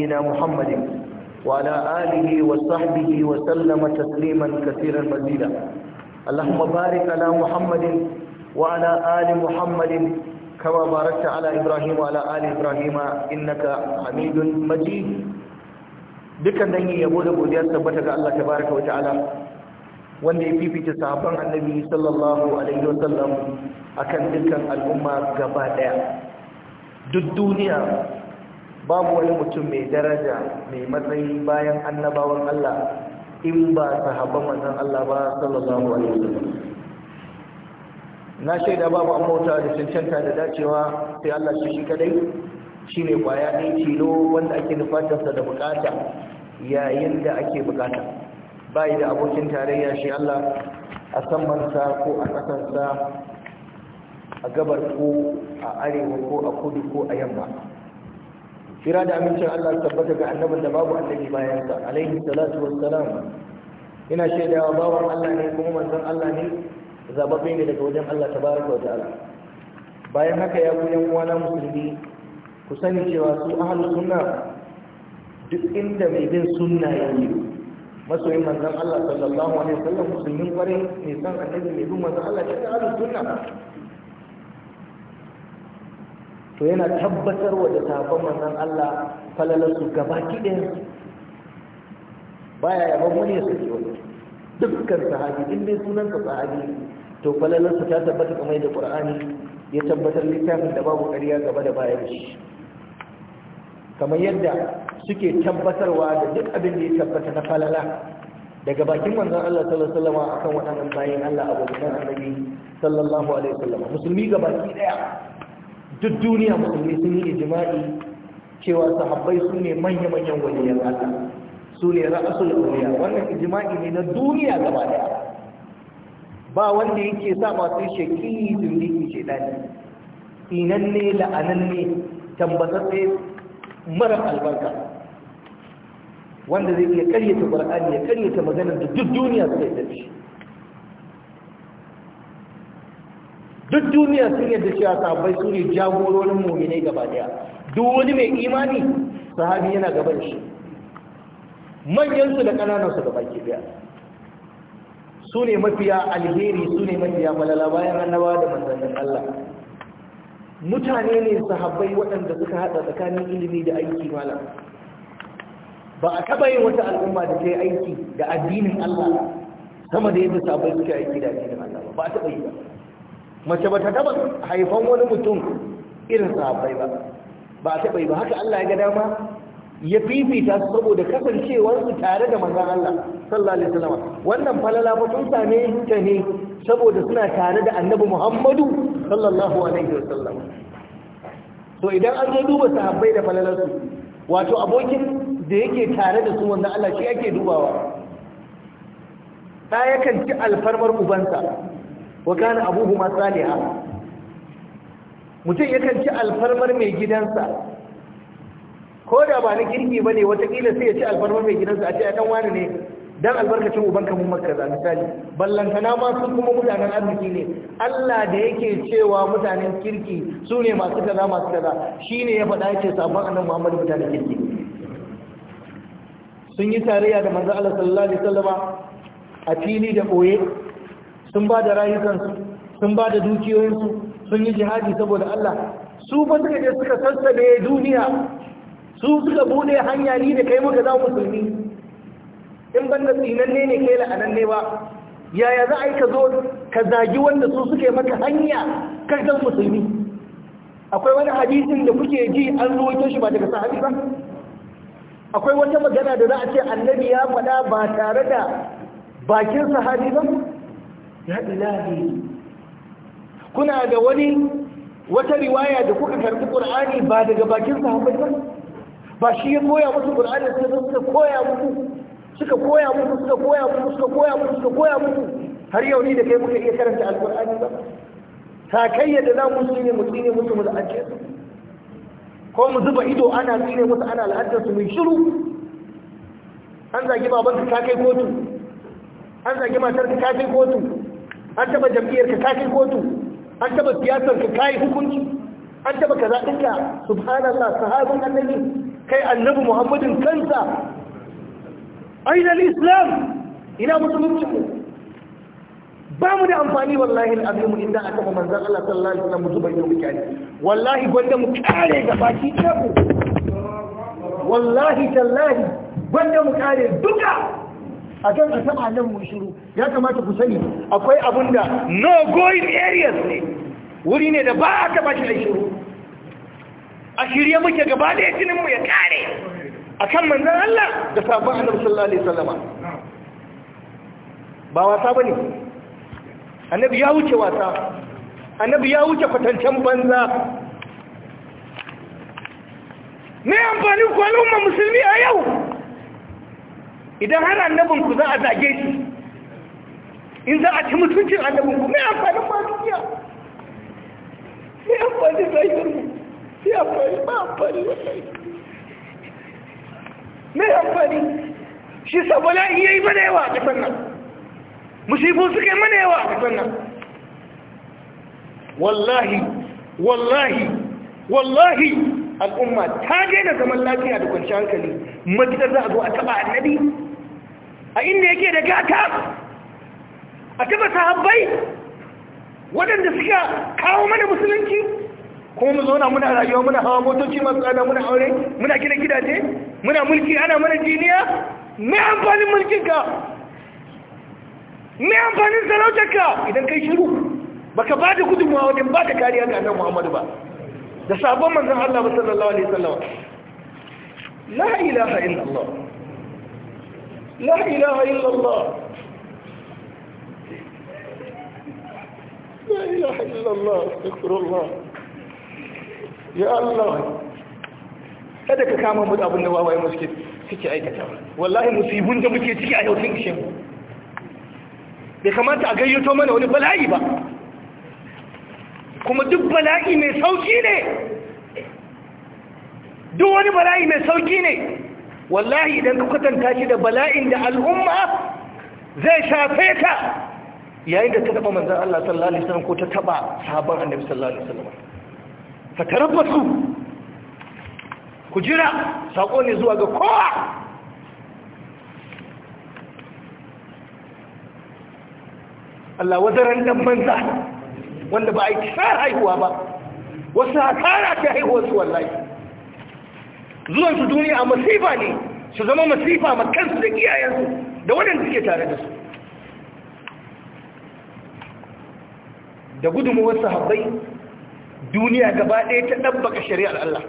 نبينا محمد وعلى آله وصحبه وسلم تسليما كثيرا مزيدا اللهم بارك على محمد وعلى آل محمد كما باركت على إبراهيم وعلى آل إبراهيم إنك حميد مجيد dukkanin yabo da godiya tabbata ga Allah tabaraka wa ta'ala wanda ya fifita sahabban annabi sallallahu alaihi wa sallam akan dukkan al'umma gaba daya duk duniya babu wani mutum mai daraja mai matsayi bayan annabawan Allah in ba sahabban manzon Allah ba sallallahu alaihi wasallam na shaida babu an mota da cancanta da dacewa sai Allah shi shi kadai shine kwaya ne tilo wanda ake nufatarsa da bukata yayin da ake bukata bai da abokin tarayya shi Allah a sa ko a ƙasarsa a gabar ko a arewa ko a kudu ko a yamma kira da amincin Allah tabbata ga annabin da babu annabi bayan sa alaihi salatu wassalam ina shaidawa bawan Allah ne kuma manzon Allah ne zababbe ne daga wajen Allah tabaraka wa ta'ala bayan haka ya ku yan uwana musulmi ku sani cewa su ahlus sunna duk inda mai bin sunna yake masoyin manzon Allah sallallahu alaihi wasallam musulmin kware ne san annabi mai bin manzon Allah shi ahlus sunna to yana tabbatar da sabon manzon Allah falalarsu gabaki ɗaya baya yaban wani ya saki wani dukkan sahabi in dai sunansa sahabi to falalarsa ta tabbata kamar da ƙur'ani, ya tabbatar littafin da babu ƙarya gaba da baya shi kamar yadda suke tabbatarwa da duk abin da ya tabbata na falala daga bakin manzon Allah sallallahu alaihi wasallam akan waɗannan bayin Allah abokan annabi sallallahu alaihi wasallam musulmi gabaki ɗaya duk duniya musulmi sun yi ijima'i cewa sahabbai su ne manya-manyan waliyan Allah su ne ra'asul awliya wannan ijima'i ne na duniya gaba daya ba wanda yake sa masu shaki zindiki ce dani inanne la'ananne tambatsatse mara albarka wanda zai iya karyata qur'ani ya karyata maganar da duk duniya suka yi duk duniya sun yadda cewa sahabbai su ne jagororin muminai gaba daya duk wani mai imani sahabi yana gaban shi manyansu da ƙananansu gaba ke biya su ne mafiya alheri su ne mafiya malala bayan annabawa da manzannin Allah mutane ne sahabbai waɗanda suka haɗa tsakanin ilimi da aiki malam ba a taɓa yin wata al'umma da ta yi aiki da addinin Allah sama da yadda sahabbai suka aiki da addinin Allah ba a taɓa yi ba mace ba ta taba haifan wani mutum irin sahabbai ba ba ta bai ba haka Allah ya ga dama ya fifita su saboda kasancewar su tare da manzon Allah sallallahu alaihi wasallam wannan falala ba sun same ta ne saboda suna tare da Annabi Muhammadu sallallahu alaihi wasallam to idan an zo duba sahabbai da falalarsu wato abokin da yake tare da su wanda Allah shi yake dubawa Ta yakan ci alfarmar ubansa wa kana abuhuma salihan mutum yakan ci alfarmar mai gidansa ko da ba na kirki ba ne watakila sai ya ci alfarmar mai gidansa a ce a wani ne don albarkacin kamun makka za misali ballantana ma sun kuma mutanen arziki ne allah da yake cewa mutanen kirki su ne masu kaza masu kaza shine ya faɗa yake sabon annan muhammadu mutanen kirki sun yi tarayya da manzo allah sallallahu alaihi wasallama a fili da ɓoye sun ba da rayukansu sun ba da dukiyoyinsu sun yi jihadi saboda Allah su ba suka je suka sassabe duniya su suka bude hanya ni da kai muka za musulmi in ban da tsinanne ne kai la'ananne ba yaya za a yi ka zo ka zagi wanda su suke maka hanya karkar musulmi akwai wani hadisin da kuke ji an ruwaito shi ba daga sahabi ba akwai wata magana da za a ce annabi ya faɗa ba tare da bakin sahabi ba ya ilahi kuna da wani wata riwaya da kuka karbi qur'ani ba daga bakin sahabbai ba ba shi ya koya musu qur'ani sai suka koya musu suka koya musu suka koya musu suka koya musu suka koya musu har yau ni da kai muka iya karanta alqur'ani ba Ta kai yadda za mu tsine mu tsine musu mu la'ance su ko mu zuba ido ana tsine musu ana la'antar su mu shiru an zagi babanka ta kai kotu an zagi matar ka ta kai kotu an taba jam'iyyar ka kai kotu an taba siyasar ka kai hukunci an taba kaza dinka subhanallah sahabin annabi kai annabi muhammadin kansa aina islam ina musulunci ba mu da amfani wallahi al'azimu inda aka ba manzan Allah sallallahu alaihi wasallam mutum bai yi kyani wallahi gwanda mu kare ga baki ku. wallahi tallahi gwanda mu kare duka a kan a nan mu shiru ya kamata ku sani akwai abin da no going areas ne wuri ne da ba a taba shi aishiru a shirye muke gaba da ya mu ya kare a kan manzan Allah da sabon annabi sallallahu alaihi wasallama ba wasa bane annabi ya wuce wasa annabi ya wuce kwatancen banza me amfani ku al'umma musulmi a yau idan har annabinku za a zage shi in za a ci mutuncin annabin ku mai amfanin ma duniya mai amfani rayuwar mu mai amfani ba amfani wallahi mai amfani shi saboda iya yi mana yawa a kasar nan musifin suka yi mana yawa a kasar nan wallahi wallahi wallahi al'umma ta daina zaman lafiya da kwanciyar hankali matuƙar za a zo a taɓa annabi a inda yake da gata a taba sahabbai waɗanda suka kawo mana musulunci kuma mu zauna muna rayuwa muna hawa motoci masu tsada muna aure muna gina gidaje muna mulki ana mana jiniya mai amfanin mulkinka mai amfanin sarautarka idan kai shiru baka ba da gudunmawa wajen ba ta kariya ga annan muhammadu ba da sabon manzan Allah ba sallallahu alaihi sallama la ilaha illallah la ilaha illallah la ilaha illallah astaghfirullah ya Allah kada ka kama mu da abin da wawaye mu suke aikata wallahi musibun da muke ciki a yau sun ishe bai kamata a gayyato mana wani bala'i ba kuma duk bala'i mai sauki ne duk wani bala'i mai sauki ne wallahi idan ka kwatanta shi da bala'in da al'umma zai shafe ka yayin da ta taba manzan Allah sallallahu alaihi wasallam ko ta taba sahabban annabi sallallahu alaihi wasallam fa tarabbasu ku jira sako ne zuwa ga kowa Allah wadaran dan manza wanda ba a yi haihuwa ba wasu hasara ta haihuwa su wallahi zuwan su duniya masifa ne su zama masifa ma su da iyayensu da waɗanda suke tare da su da gudunmuwar sahabbai duniya gaba ɗaya ta ɗabbaka shari'ar Allah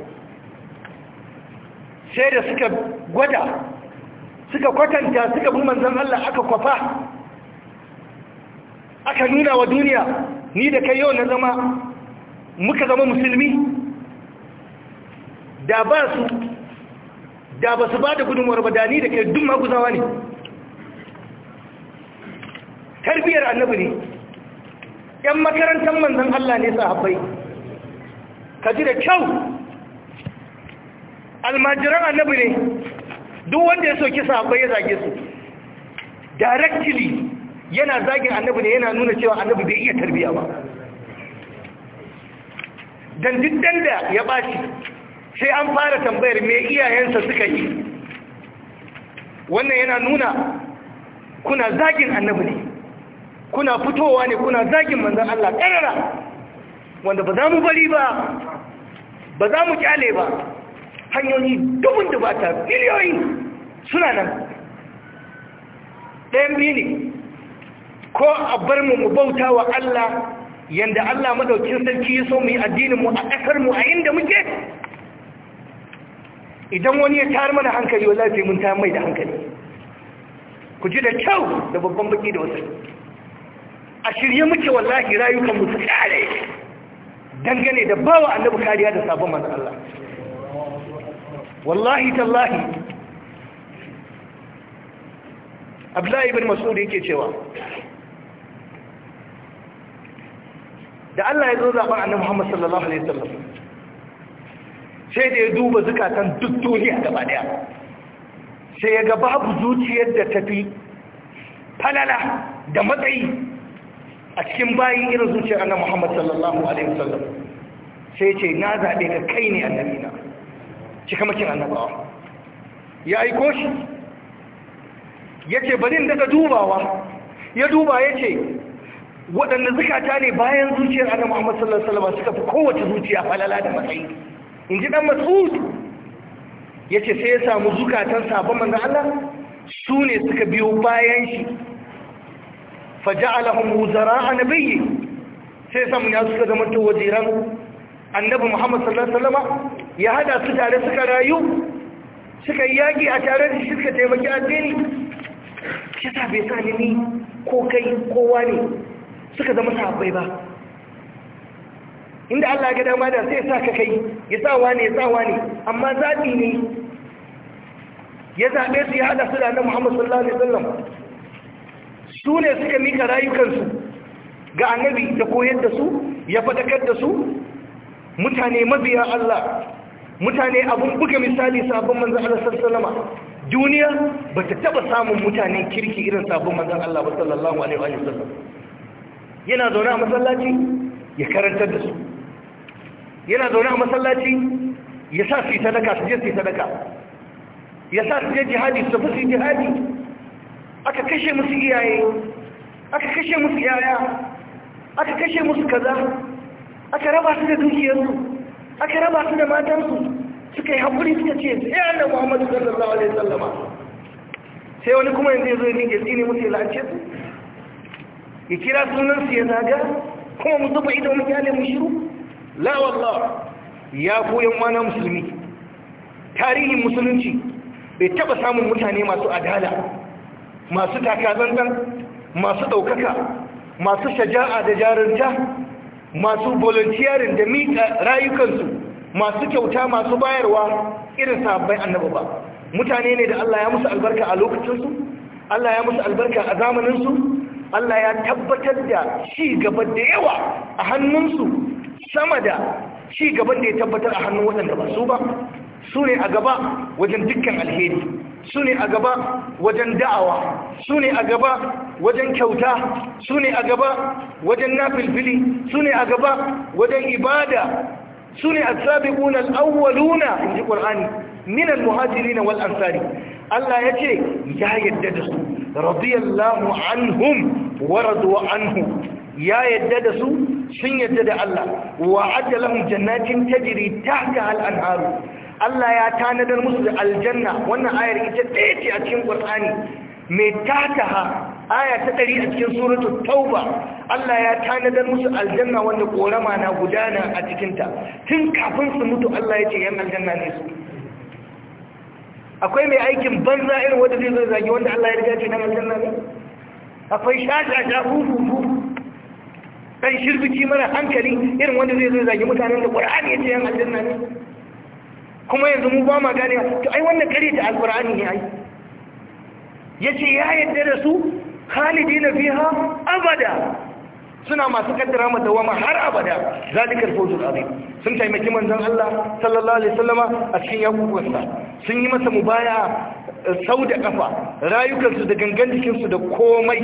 sai da suka gwada suka kwatanta suka bi manzan Allah aka kwafa aka nuna wa duniya ni da kai yau na zama muka zama musulmi da ba su da ba su ba da gudunmuwar ba da ni da kai duk maguzawa ne tarbiyar annabi ne ‘yan makarantar manzan Allah ne sahabbai ka ji da kyau almajiran annabi ne duk wanda ya soki sahabbai ya zage su directly yana zagin annabi ne yana nuna cewa annabi bai iya tarbiya ba dan duk da ya bashi sai an fara tambayar me iyayensa suka yi wannan yana nuna kuna zagin annabi ne kuna fitowa ne kuna zagin manzan Allah ƙarara wanda ba za mu bari ba ba za mu kyale ba hanyoyi dubun dubata miliyoyi suna nan ɗayan biyu ne ko a bar mu mu bauta wa Allah yanda Allah madaukin sarki ya so mu yi addinin mu a ƙasar mu a inda muke idan wani ya tayar mana hankali wa sai mun tayar mai da hankali ku ji da kyau da babban baki da wasu a shirye muke wallahi rayukan mu kare. dangane da bawa annabi kariya da sabon manzo Allah wallahi tallahi Abdullahi ibn Mas'ud yake cewa da Allah ya zo zaɓar annabi Muhammad sallallahu alaihi wasallam sai da ya duba zakatan duk duniya gaba daya sai ya ga babu zuciyar da tafi falala da matsayi a cikin bayin irin zuciyar annabi Muhammad sallallahu alaihi wasallam sai ce na zaɓe ka kai ne annabi cika makin annabawa ya aiko shi ya ce in daga dubawa ya duba ya ce waɗanda zukata ne bayan zuciyar annabi Muhammad sallallahu alaihi wasallam suka fi kowace zuciya falala da matsayi in ji ɗan dan ya ce sai ya samu zukatan sabon manzon Allah su ne suka biyo bayan shi faja'alahum wuzara nabiyyi sai samun ya suka zama to waziran annabi Muhammad sallallahu alaihi wasallam ya hada su tare suka rayu suka yi yaki a tare da shi suka taimaki addini shi ta bai sa ni ko kai kowa ne suka zama sahabbai ba inda Allah ga dama da sai ya sa kai ya sa wani ya sa wani amma zabi ne ya zabe su ya hada su da annabi Muhammad sallallahu alaihi wasallam su ne suka mika rayukansu ga annabi da koyar da su ya fadakar da su mutane mabiya Allah mutane abun buga misali sabon manzan Allah sallama duniya bata ta taba samun mutane kirki irin sabon manzan Allah ba sallallahu alaihi wa sallam yana zaune a masallaci ya karantar da su yana zaune a masallaci ya sa su yi sadaka su je su yi sadaka ya sa su je jihadi su tafi su yi jihadi aka kashe musu iyaye aka kashe musu yaya aka kashe musu kaza aka raba su da dukiyarsu aka raba su da matansu suka yi haƙuri suka ce sai da muhammadu sallallahu alaihi sallama sai wani kuma yanzu ya zo ne gasi ne musu lance su ya kira sunansu ya zaga kuma mu zuba ido mu kyale mu shiru la wallah ya yan wani musulmi tarihin musulunci bai taba samun mutane masu adala masu takazantar masu ɗaukaka masu shaja'a da jarinta masu volunteering da miƙa rayukansu masu kyauta masu bayarwa irin sahabbai annaba ba mutane ne da Allah ya musu albarka a lokacinsu Allah ya musu albarka a zamaninsu Allah ya tabbatar da ci gaba da yawa a hannunsu sama da ci gaban da ya tabbatar a hannun waɗanda ba su ba su ne a gaba wajen dukkan alheri su ne a gaba wajen da'awa su ne a gaba wajen kyauta su ne a gaba wajen nafilfili su ne a gaba wajen ibada su ne a sabiƙun al'awwaluna in ji ƙwar'ani minan muhajiri na wal'ansari Allah ya ce ya yadda da su radiyallahu anhum wa raduwa ya yadda da su sun yadda da Allah wa adda jannatin tajri tahta al-anharu Allah ya tanadar musu da aljanna wannan ayar ita ɗaya ce a cikin Qur'ani mai tataha aya ta ɗari a cikin suratu tauba Allah ya tanadar musu aljanna wanda korama na gudana a cikinta tun kafin su mutu Allah ya ce yan aljanna ne su akwai mai aikin banza irin wanda zai zai zage wanda Allah ya riga ce nan aljanna ne akwai shashasha hufufu ɗan shirbiki mara hankali irin wanda zai zai zage mutanen da ƙwar'ani ya ce yan aljanna ne kuma yanzu mu ba ma gane to ai wannan kare da alkur'ani ne ai yace ya yadda da su khalidina fiha abada suna masu kaddara da wama har abada zalikal fawzul azim sun taimaki manzon Allah sallallahu alaihi wasallama a cikin yakuwansa sun yi masa mubaya eh, sau da kafa rayukansu da gangan jikinsu da komai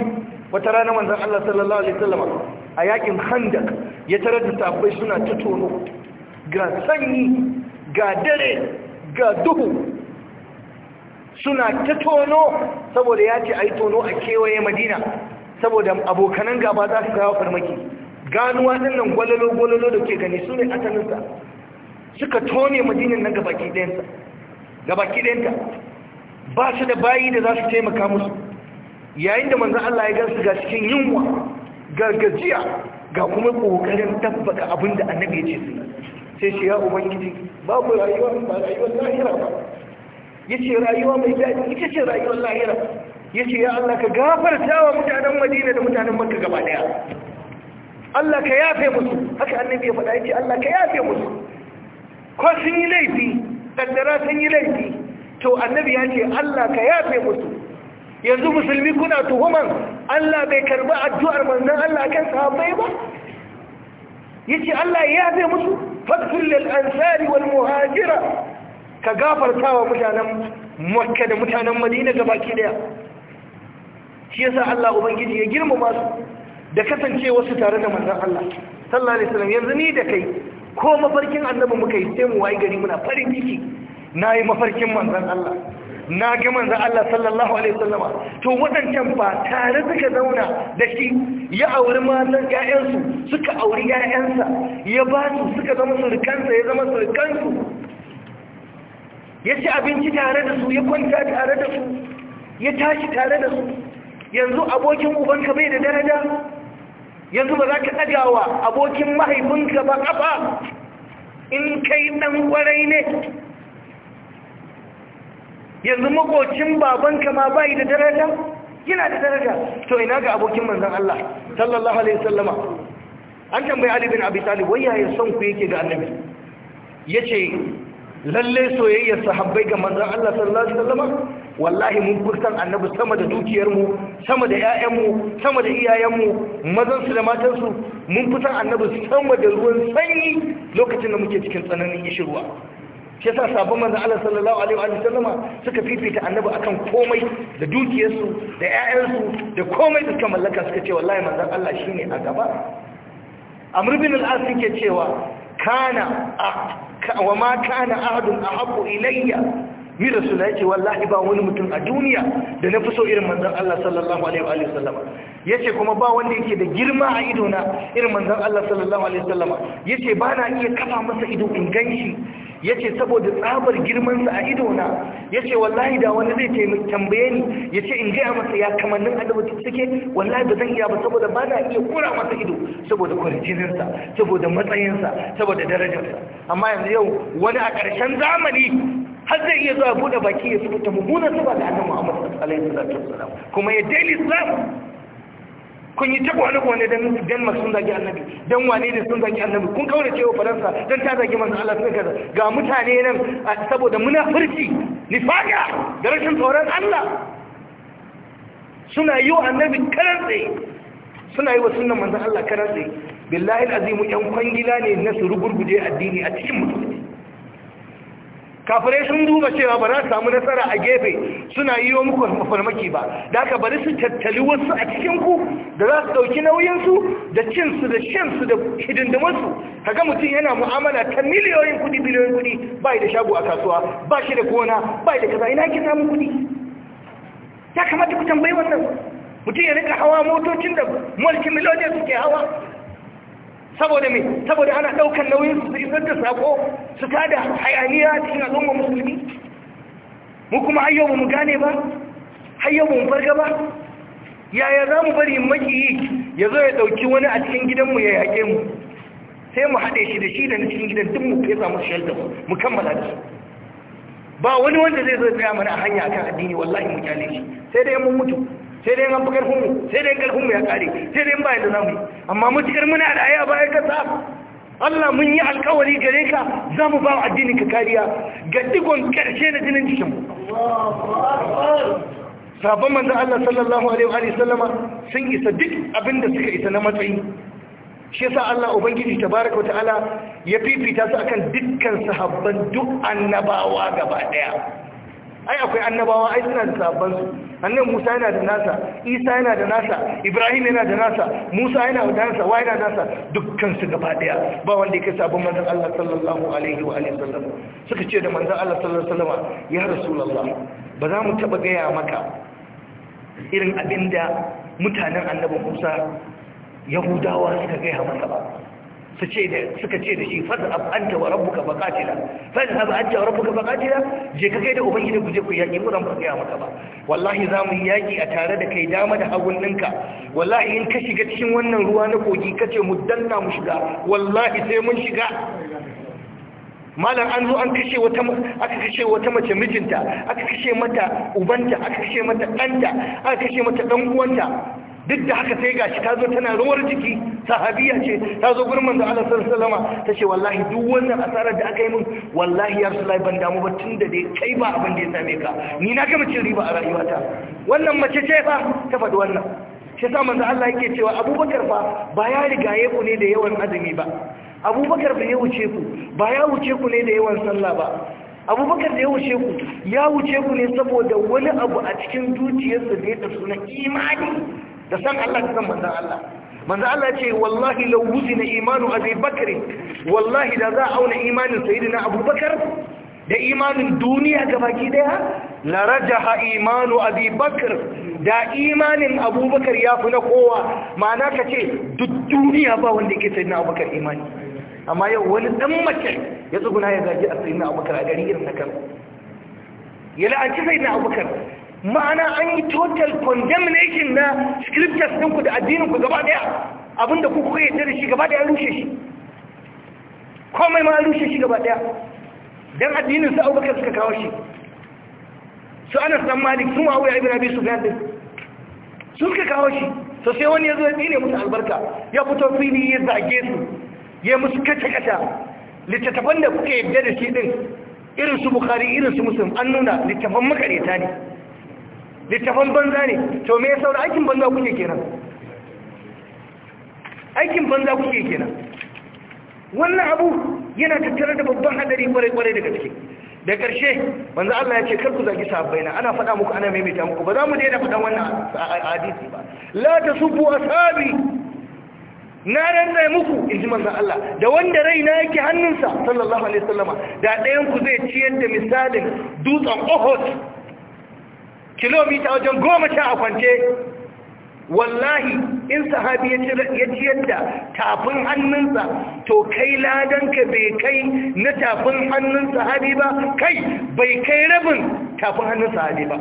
wata rana manzon Allah sallallahu alaihi wasallama a yakin handak ya tarar da tabbai suna ta ga sanyi ga dare ga duhu suna ta tono saboda ya ce a yi tono a kewaye madina saboda abokanan gaba za su kawo farmaki ganuwa ɗin nan gwalolo-gwalolo da ke gani su ne asalinsa suka tone madinan nan gabaki ɗayanta ba su da bayi da za su taimaka musu yayin da manzan Allah ya gansu ga cikin yunwa ga ga kuma ƙoƙarin tabbata abinda annabi ya ce suna. sai shi ya ubangiji babu rayuwa ba rayuwar lahira ba yace rayuwa mai daɗi ita ce rayuwar lahira yace ya Allah ka gafarta wa mutanen Madina da mutanen Makka gaba daya Allah ka yafe musu haka annabi ya faɗa yace Allah ka yafe musu ko sun yi laifi kaddara sun yi laifi to annabi ya ce Allah ka yafe musu yanzu musulmi kuna tuhuman Allah bai karɓi addu'ar manzon Allah kan sahabbai ba yace Allah ya yafe musu fatkul lil ansari wal muhajira ka gafarta wa mutanen Makka da mutanen Madina gabaki daya shi yasa Allah ubangiji ya girmama su da kasance wasu tare da manzon Allah sallallahu alaihi wasallam yanzu ni da kai ko mafarkin annabi muka yi sai mu wayi gari muna farin ciki nayi mafarkin manzon Allah na ga manzon Allah sallallahu alaihi wasallama to wadancan ba tare suka zauna da shi ya auri matan ƴaƴansu suka auri ƴaƴansa ya ba su suka zama surukansa ya zama surukansu ya ci abinci tare da su ya kwanta tare da su ya tashi tare da su yanzu abokin ubanka bai da daraja yanzu ba za ka ɗagawa abokin mahaifinka ba ƙafa in kai ɗan ƙwarai ne yanzu makocin babanka ma bai da daraja yana da daraja to ina ga abokin manzon Allah sallallahu alaihi wasallama an tambayi Ali bin Abi Talib wai yaya son ku yake ga Annabi yace lalle soyayyar sahabbai ga manzon Allah sallallahu alaihi wasallama wallahi mun furtan Annabi sama da dukiyar mu sama da ƴaƴan mu sama da iyayen mu mazan su da matan su mun furtan Annabi sama da ruwan sanyi lokacin da muke cikin tsananin ishirwa shi yasa sabon manzon Allah sallallahu alaihi wa sallama suka fifita annabi akan komai da dukiyarsu da ƴaƴansu da komai da suka mallaka suka ce wallahi manzon Allah shine a gaba Amr al-As yake cewa kana wa ma kana ahadun ahabbu ilayya mi rasula yace wallahi ba wani mutum a duniya da na so irin manzon Allah sallallahu alaihi wa sallama yace kuma ba wanda yake da girma a ido na irin manzon Allah sallallahu alaihi wa sallama yace ba na iya kafa masa ido in ganshi ya ce saboda tsabar girmansa a ido na, yace wallahi da wani zai tambaye ni yace in gaya masa ya kamannin annabi suke wallahi ba zan iya ba saboda ba na iya kura masa ido saboda kwarjininsa saboda matsayinsa saboda darajarsa amma yanzu yau wani a ƙarshen zamani har zai iya zuwa buɗe baki ya fita mummunan saba da annabi Muhammad sallallahu alaihi kuma ya daily zama kun yi tabo wani wane don Denmark sun zagi annabi don wane da sun zagi annabi kun da cewa Faransa don ta zagi masu Allah suka kaza ga mutane nan saboda munafurci nifaqa da rashin tsoron Allah suna yi wa annabi karantsi suna yi wa sunan manzan Allah karantsi billahi azimu yan kwangila ne na su rugurguje addini a cikin mutum kafirai sun duba cewa ba za su samu nasara a gefe suna yi wa muku mafarmaki ba da aka bari su tattali wasu a cikinku da za su ɗauki nauyinsu da cinsu da shansu da hidindimarsu kaga mutum yana mu'amala ta miliyoyin kuɗi biliyoyin kuɗi ba da shago a kasuwa ba shi da gona ba da kaza ina ki samun kuɗi ya kamata ku tambayi wannan mutum ya rika hawa motocin da mulki miliyoyin suke hawa saboda mai saboda ana daukan nauyin su isar da sako su da hayaniya cikin al'umma musulmi mu kuma har mu gane ba har mu farga ba yaya za mu bari makiyi ya zo ya ɗauki wani a cikin gidanmu ya yaƙe mu sai mu haɗe shi da shi da na cikin gidan duk mu fesa mu shelter mu kammala da ba wani wanda zai zo tsaya mana a hanya akan addini wallahi mu kyale shi sai dai mun mutu sai dai an bugar hunmu sai dai karfin mu ya kare sai dai ba yadda zamu amma mutukar muna da ayi a bayan kasa Allah mun yi alkawari gare ka za ba addinin ka kariya ga digon karshe na jinin jikin mu sabon Allah sallallahu alaihi wa sallama sun isa duk abinda suka isa na matsayi shi yasa Allah ubangiji tabaraka ta'ala ya fifita su akan dukkan sahabban duk annabawa gaba daya ai akwai annabawa ai suna da sabban su annan Musa yana da nasa Isa yana da nasa Ibrahim yana da nasa Musa yana da nasa wa yana da nasa dukkan su gaba daya ba wanda yake sabon manzon Allah sallallahu alaihi wa alihi wasallam suka ce da manzon Allah sallallahu alaihi wasallam ya rasulullah ba za mu taba gaya maka irin abinda mutanen annabin Musa Yahudawa suka gaya maka ba suka ce da shi fadhab anta wa rabbuka faqatila fadhab anta wa rabbuka faqatila je ka kai da ubangiji ku je ku yaki mu ran ku ya maka ba wallahi za mu yaki a tare da kai dama da hagun ninka wallahi in ka shiga cikin wannan ruwa na kogi kace mu danna mu shiga wallahi sai mun shiga malam an zo an kashe wata aka kashe wata mace mijinta aka kashe mata ubanta aka kashe mata danta aka kashe mata dan uwanta duk da haka sai gashi ta zo tana ruwar jiki sahabiya ce ta zo gurin manzo Allah sallallahu alaihi ta ce wallahi duk wannan asarar da aka yi min wallahi ya rasulai ban damu ba tunda dai kai ba abin da ya same ka ni na gama cin riba a rayuwata wannan mace ce fa ta faɗi wannan shi sa manzo Allah yake cewa Abubakar fa ba ya rigaye ku ne da yawan azumi ba Abubakar ya wuce ku ba ya wuce ku ne da yawan sallah ba abubakar da ya wuce ku ya wuce ku ne saboda wani abu a cikin zuciyarsa da ya tafi na imani da san Allah da san manzan Allah manzan Allah ce wallahi law wuzina imanu abi bakr wallahi da za a auna imanin sayyidina abubakar da imanin duniya gabaki daya la rajaha imanu abi bakr da imanin abubakar ya fi na kowa ma'ana ka ce duk duniya ba wanda yake sayyidina abubakar imani amma yau wani dan mace ya tsuguna ya gaji a na abubakar a gari irin na kan ya la'anci sayyidina abubakar ma'ana an yi total condemnation na scriptures ɗinku da addininku gaba ɗaya abinda kuka yadda da shi gaba ɗaya rushe shi komai ma rushe shi gaba ɗaya don addinin su abubakar suka kawo shi su ana san malik sun wa'uwa ibn abi su gandun sun ka kawo shi to sai wani ya zo ya tsine musu albarka ya fito fili ya zage su ya musu kata-kata littattafan da kuka yadda da shi ɗin irin su bukari irin su musulun an nuna littattafan makareta ne littafan banza ne to me ya saura aikin banza kuke kenan aikin banza kuke kenan wannan abu yana tattare da babban hadari kwarai-kwarai daga ciki. da ƙarshe banza Allah ya ce kar ku zagi na ana faɗa muku ana maimaita muku ba za mu daina faɗan wannan hadisi ba la tasubbu ashabi na ranna muku in ji manzan Allah da wanda rai na yake hannunsa sallallahu alaihi wasallama da ɗayan ku zai ciyar da misalin dutsen ohot kilomita wajen goma sha a kwance wallahi in sahabi ya ci yadda tafin hannunsa to kai ladanka bai kai na tafin hannun sahabi ba kai bai kai rabin tafin hannun sahabi ba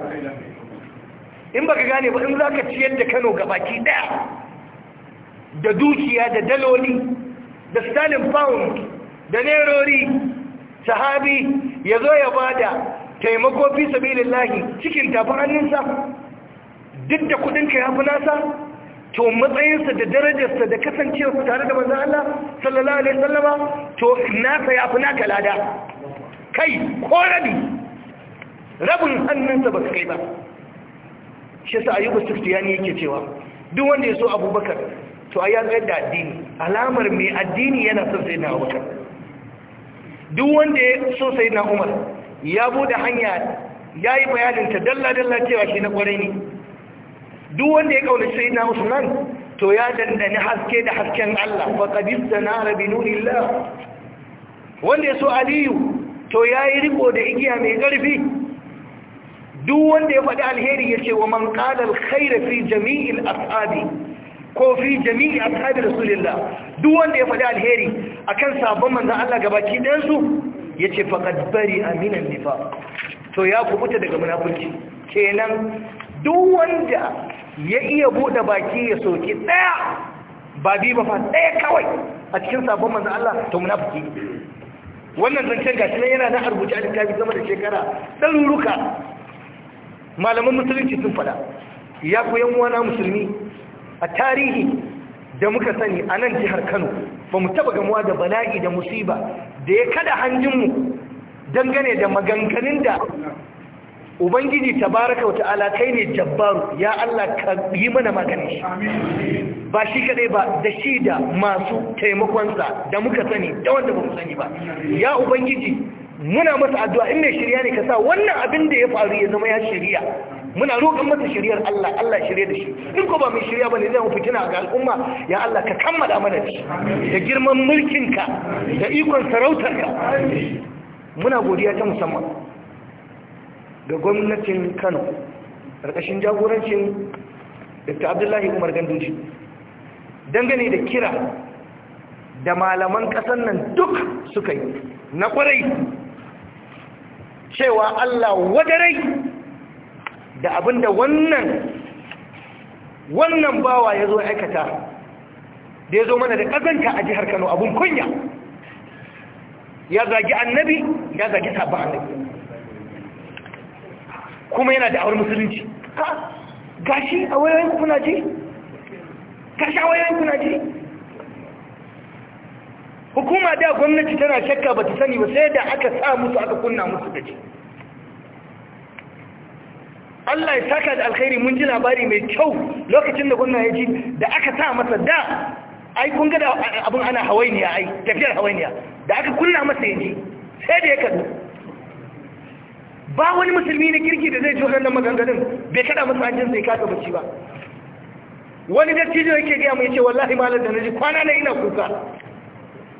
in baka gane ba in za ka ci yadda kano gabaki daya da dukiya da daloli da stalin pound da nerori sahabi ya zo ya bada taimako fi sabilillahi cikin tafin hannunsa duk da kudinka ya fi nasa to matsayinsa da darajarsa da kasancewarsa tare da manzan Allah sallallahu alaihi sallama to nasa ya fi naka lada kai ko rabi rabin hannunsa ba su kai ba shi sa ayyubu suftiyani yake cewa duk wanda ya so abubakar to a yanzu da addini alamar mai addini yana son sai na abubakar duk wanda ya so sai na umar ya bude hanya ya yi bayaninta dalla-dalla cewa shi na kwarai ne duk wanda ya kaunaci sai na usman to ya dandani haske da hasken Allah Ba qadis da nara bi nurillah wanda ya so aliyu to ya yi riko da igiya mai ƙarfi duk wanda ya faɗi alheri ya ce wa man qala alkhaira fi jami'il ashabi ko fi jami'i ashabi rasulillah duk wanda ya faɗi alheri akan sabon manzon Allah gabaki ɗansu? yace faqad bari aminan nifaq to ya kubuta daga munafurci kenan duk wanda ya iya buɗe baki ya soki ɗaya ba bi ba fa kawai a cikin sabon manzo Allah to munafiki wannan zancen gashi nan yana na harbuta a littafi zama da shekara ɗaruruka malaman musulunci sun fada ya koyan na musulmi a tarihi da muka sani a nan jihar kano ba mu taba gamuwa da bala'i da musiba da ya kada hanjinmu dangane da maganganun da ubangiji ta baraka wata alakai ne jabbaru ya Allah ka yi mana magani ba shi kadai ba da shi da masu taimakonsa da muka sani da wanda ba mu sani ba ya ubangiji muna masa addu'a in mai shirya ne ka sa wannan abin da ya faru ya zama ya shirya muna roƙon mata shiriyar Allah Allah shirye da shi in ko ba mai shirya bane zai fitina ga al'umma ya Allah ka kammala mana shi da girman mulkin ka, da ikon sarautar ka. muna godiya ta musamman ga gwamnatin Kano karkashin jagorancin Dr. Abdullahi Umar Ganduji dangane da kira da malaman ƙasar nan duk suka yi na kwarai cewa Allah wadarai da abinda wannan wannan bawa ya zo aikata da ya zo mana da ƙazanta a jihar Kano abin kunya ya zagi annabi ya zagi sabon annabi kuma yana da awar musulunci ha gashi a wayoyin kuna ji gashi a wayoyin kuna ji hukuma da gwamnati tana shakka ba ta sani ba sai da aka sa musu aka kunna musu gaji Allah ya saka da alkhairi mun ji labari mai kyau lokacin da gwamna ya ji da aka sa masa da ai kun ga abin ana hawainiya ai tafiyar hawainiya da aka kunna masa ya ji sai da ya kadu ba wani musulmi na kirki da zai ji wannan maganganun bai kada masa jin sai ka bacci ba wani dattijo yake gaya mai ce wallahi malar da na ji kwana na ina kuka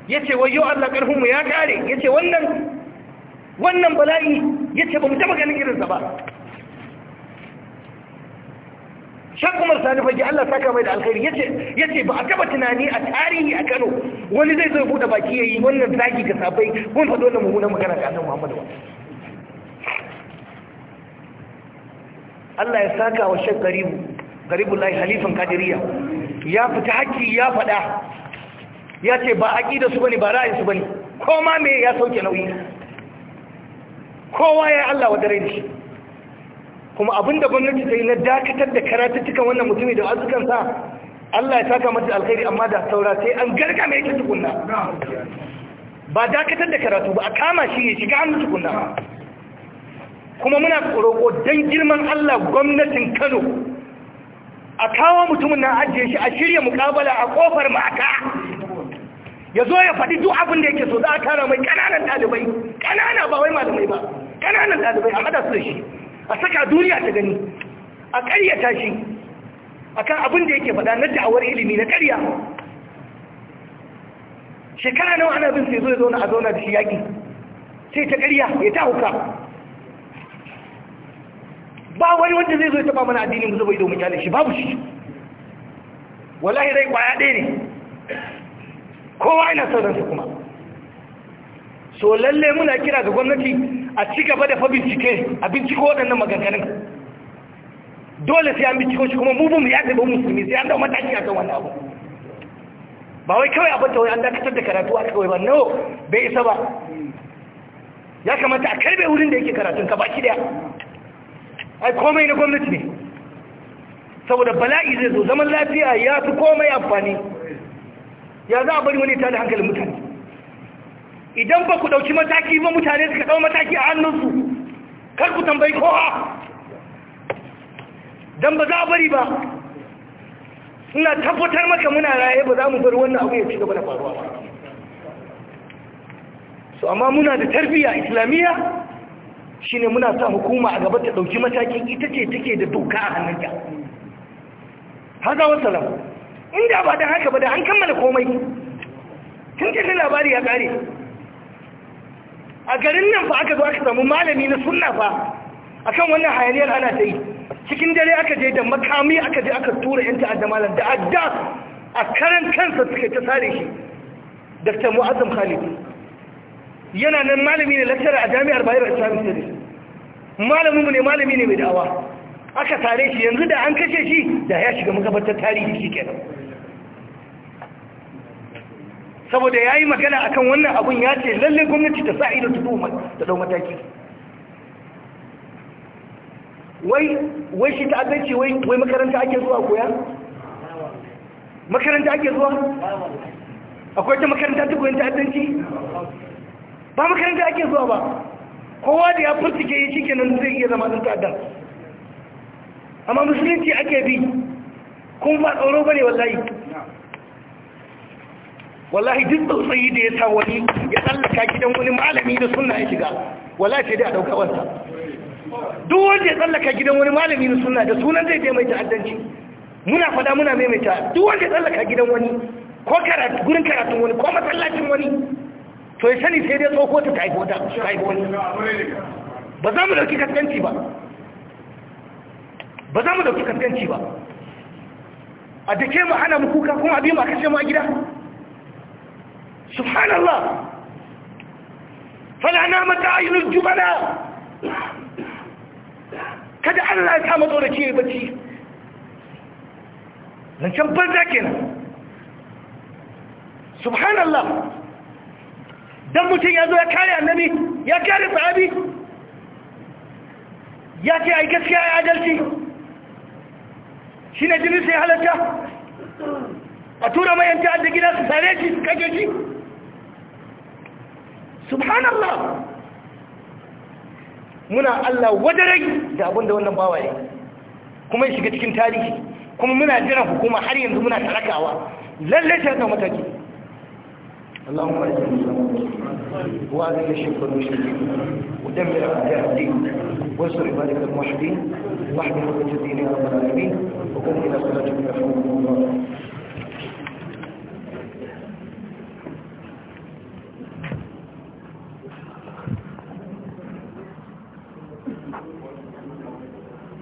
ya ce wayo Allah ƙarfinmu ya kare ya ce wannan bala'i ya ce ba mu taɓa ganin irinsa ba Shan umar sani fage Allah saka mai da alkhairi yace yace ba a taba tunani a tarihi a Kano wani zai zo bude baki yayi wannan zagi ga safai mun faɗo da mummunan magana ga Annabi Muhammad Allah ya saka wa shan garibu lai halifan kadiriya ya fita haƙƙi ya faɗa ya ce ba aƙida su bane ba ra'ayi su bane ko ma me ya sauke nauyi kowa ya Allah wa dare da shi kuma abinda gwamnati ta yi na dakatar da karatuttukan wannan mutumin da azukansa Allah ya saka mata alkhairi amma da saura sai an gargame yake tukunna ba dakatar da karatu ba a kama shi ya shiga hannu tukunna kuma muna roƙo don girman Allah gwamnatin Kano a kawo mutumin na ajiye shi a shirya mukabala a kofar mata ya zo ya faɗi duk abin da yake so za a tara mai ƙananan ɗalibai ƙanana ba wai malamai ba ƙananan ɗalibai a haɗa su da shi a saka duniya ta gani a ta shi kan abin da yake faɗa na da'awar ilimi na ƙarya shekara nawa ana bin sai zo ya zauna a zauna da shi yaƙi sai ta ƙarya ya ta hauka ba wani wanda zai zo ya taɓa mana addinin zuba ido domin kyale shi babu shi wallahi rai ƙwaya ɗaya ne kowa yana sauransa kuma so lalle muna kira ga gwamnati a ci gaba da fa bincike a binciko waɗannan maganganun dole sai an binciko shi kuma mu bin ya taɓa musulmi sai an dawo mataki a kan wani abu ba wai kawai abin da wai an dakatar da karatu a kawai ba no bai isa ba ya kamata a karbe wurin da yake karatun ka baki daya ai komai na gwamnati ne saboda bala'i zai zo zaman lafiya ya fi komai amfani ya za a bari wani ta hankalin mutane idan ba ku ɗauki mataki ba mutane suka ɗau mataki a hannunsu kar ku tambayi kowa don ba za a bari ba suna tabbatar maka muna raye ba za mu bar wannan abu ya ci gaba da faruwa ba su amma muna da tarbiyya islamiyya shine muna sa hukuma a gaba ta ɗauki matakin ita ce take da doka a hannunta haza wasalam inda ba don haka ba da an kammala komai tun ce labari ya ƙare a garin nan fa aka zo aka samu malami na sunna fa akan wannan hayaniyar ana ta yi cikin dare aka je da makami aka je aka tura yan a malam da adda a karan kansa suka ta sare shi dr mu'azzam khalid yana nan malami ne lecturer a jami'ar bayar islamic studies malamin mu ne malami ne mai da'awa aka sare shi yanzu da an kashe shi da ya shiga magabatar tarihi shi kenan saboda ya yi magana akan wannan abun ya ce lalle gwamnati ta sa ido ta dau mataki wai shi ta'addanci wai makaranta ake zuwa koya? makaranta ake zuwa? akwai ta makaranta ta koyanta ta'addanci? ba makaranta ake zuwa ba kowa da ya furtike yi shi kenan zai iya zama ɗin ta'addan amma musulunci ake bi kun ba tsoro ba ne wallahi wallahi duk tsautsayi da ya sa wani ya tsallaka gidan wani malami da suna ya shiga wallahi sai dai a ɗauka wanta duk wanda ya tsallaka gidan wani malami da suna da sunan zai je mai ta'addanci muna fada muna maimaita duk wanda ya tsallaka gidan wani ko karatu gurin karatun wani ko masallacin wani to ya sani sai dai tsoko ta taifi wata taifi wani ba za mu ɗauki kaskanci ba ba za mu ɗauki kaskanci ba a dake mu hana mu kuka kuma abin ma kashe mu a gida سبحان الله فلا نامت عين الجبناء kada Allah ya kama tsoraci ya bacci zancen banza kenan subhanallah don mutum ya zo ya kare annabi ya kare sahabi ya ce a yi gaskiya ya adalci shi ne jini sai halatta a tura mayanta da gida su sare shi kage shi subhanallah muna Allah wadarai da abinda wannan bawa bawaye kuma ya shiga cikin tarihi kuma muna jiran hukuma har yanzu muna tarakawa lallai ta kan mataki Allahun kwanci da musamman wa zai shi kwanci shi wadan mai rafi da haɗe wasu ribar da kan mashi ne mahaifin da ta zai ne a mararri hukumar da suna cikin da suna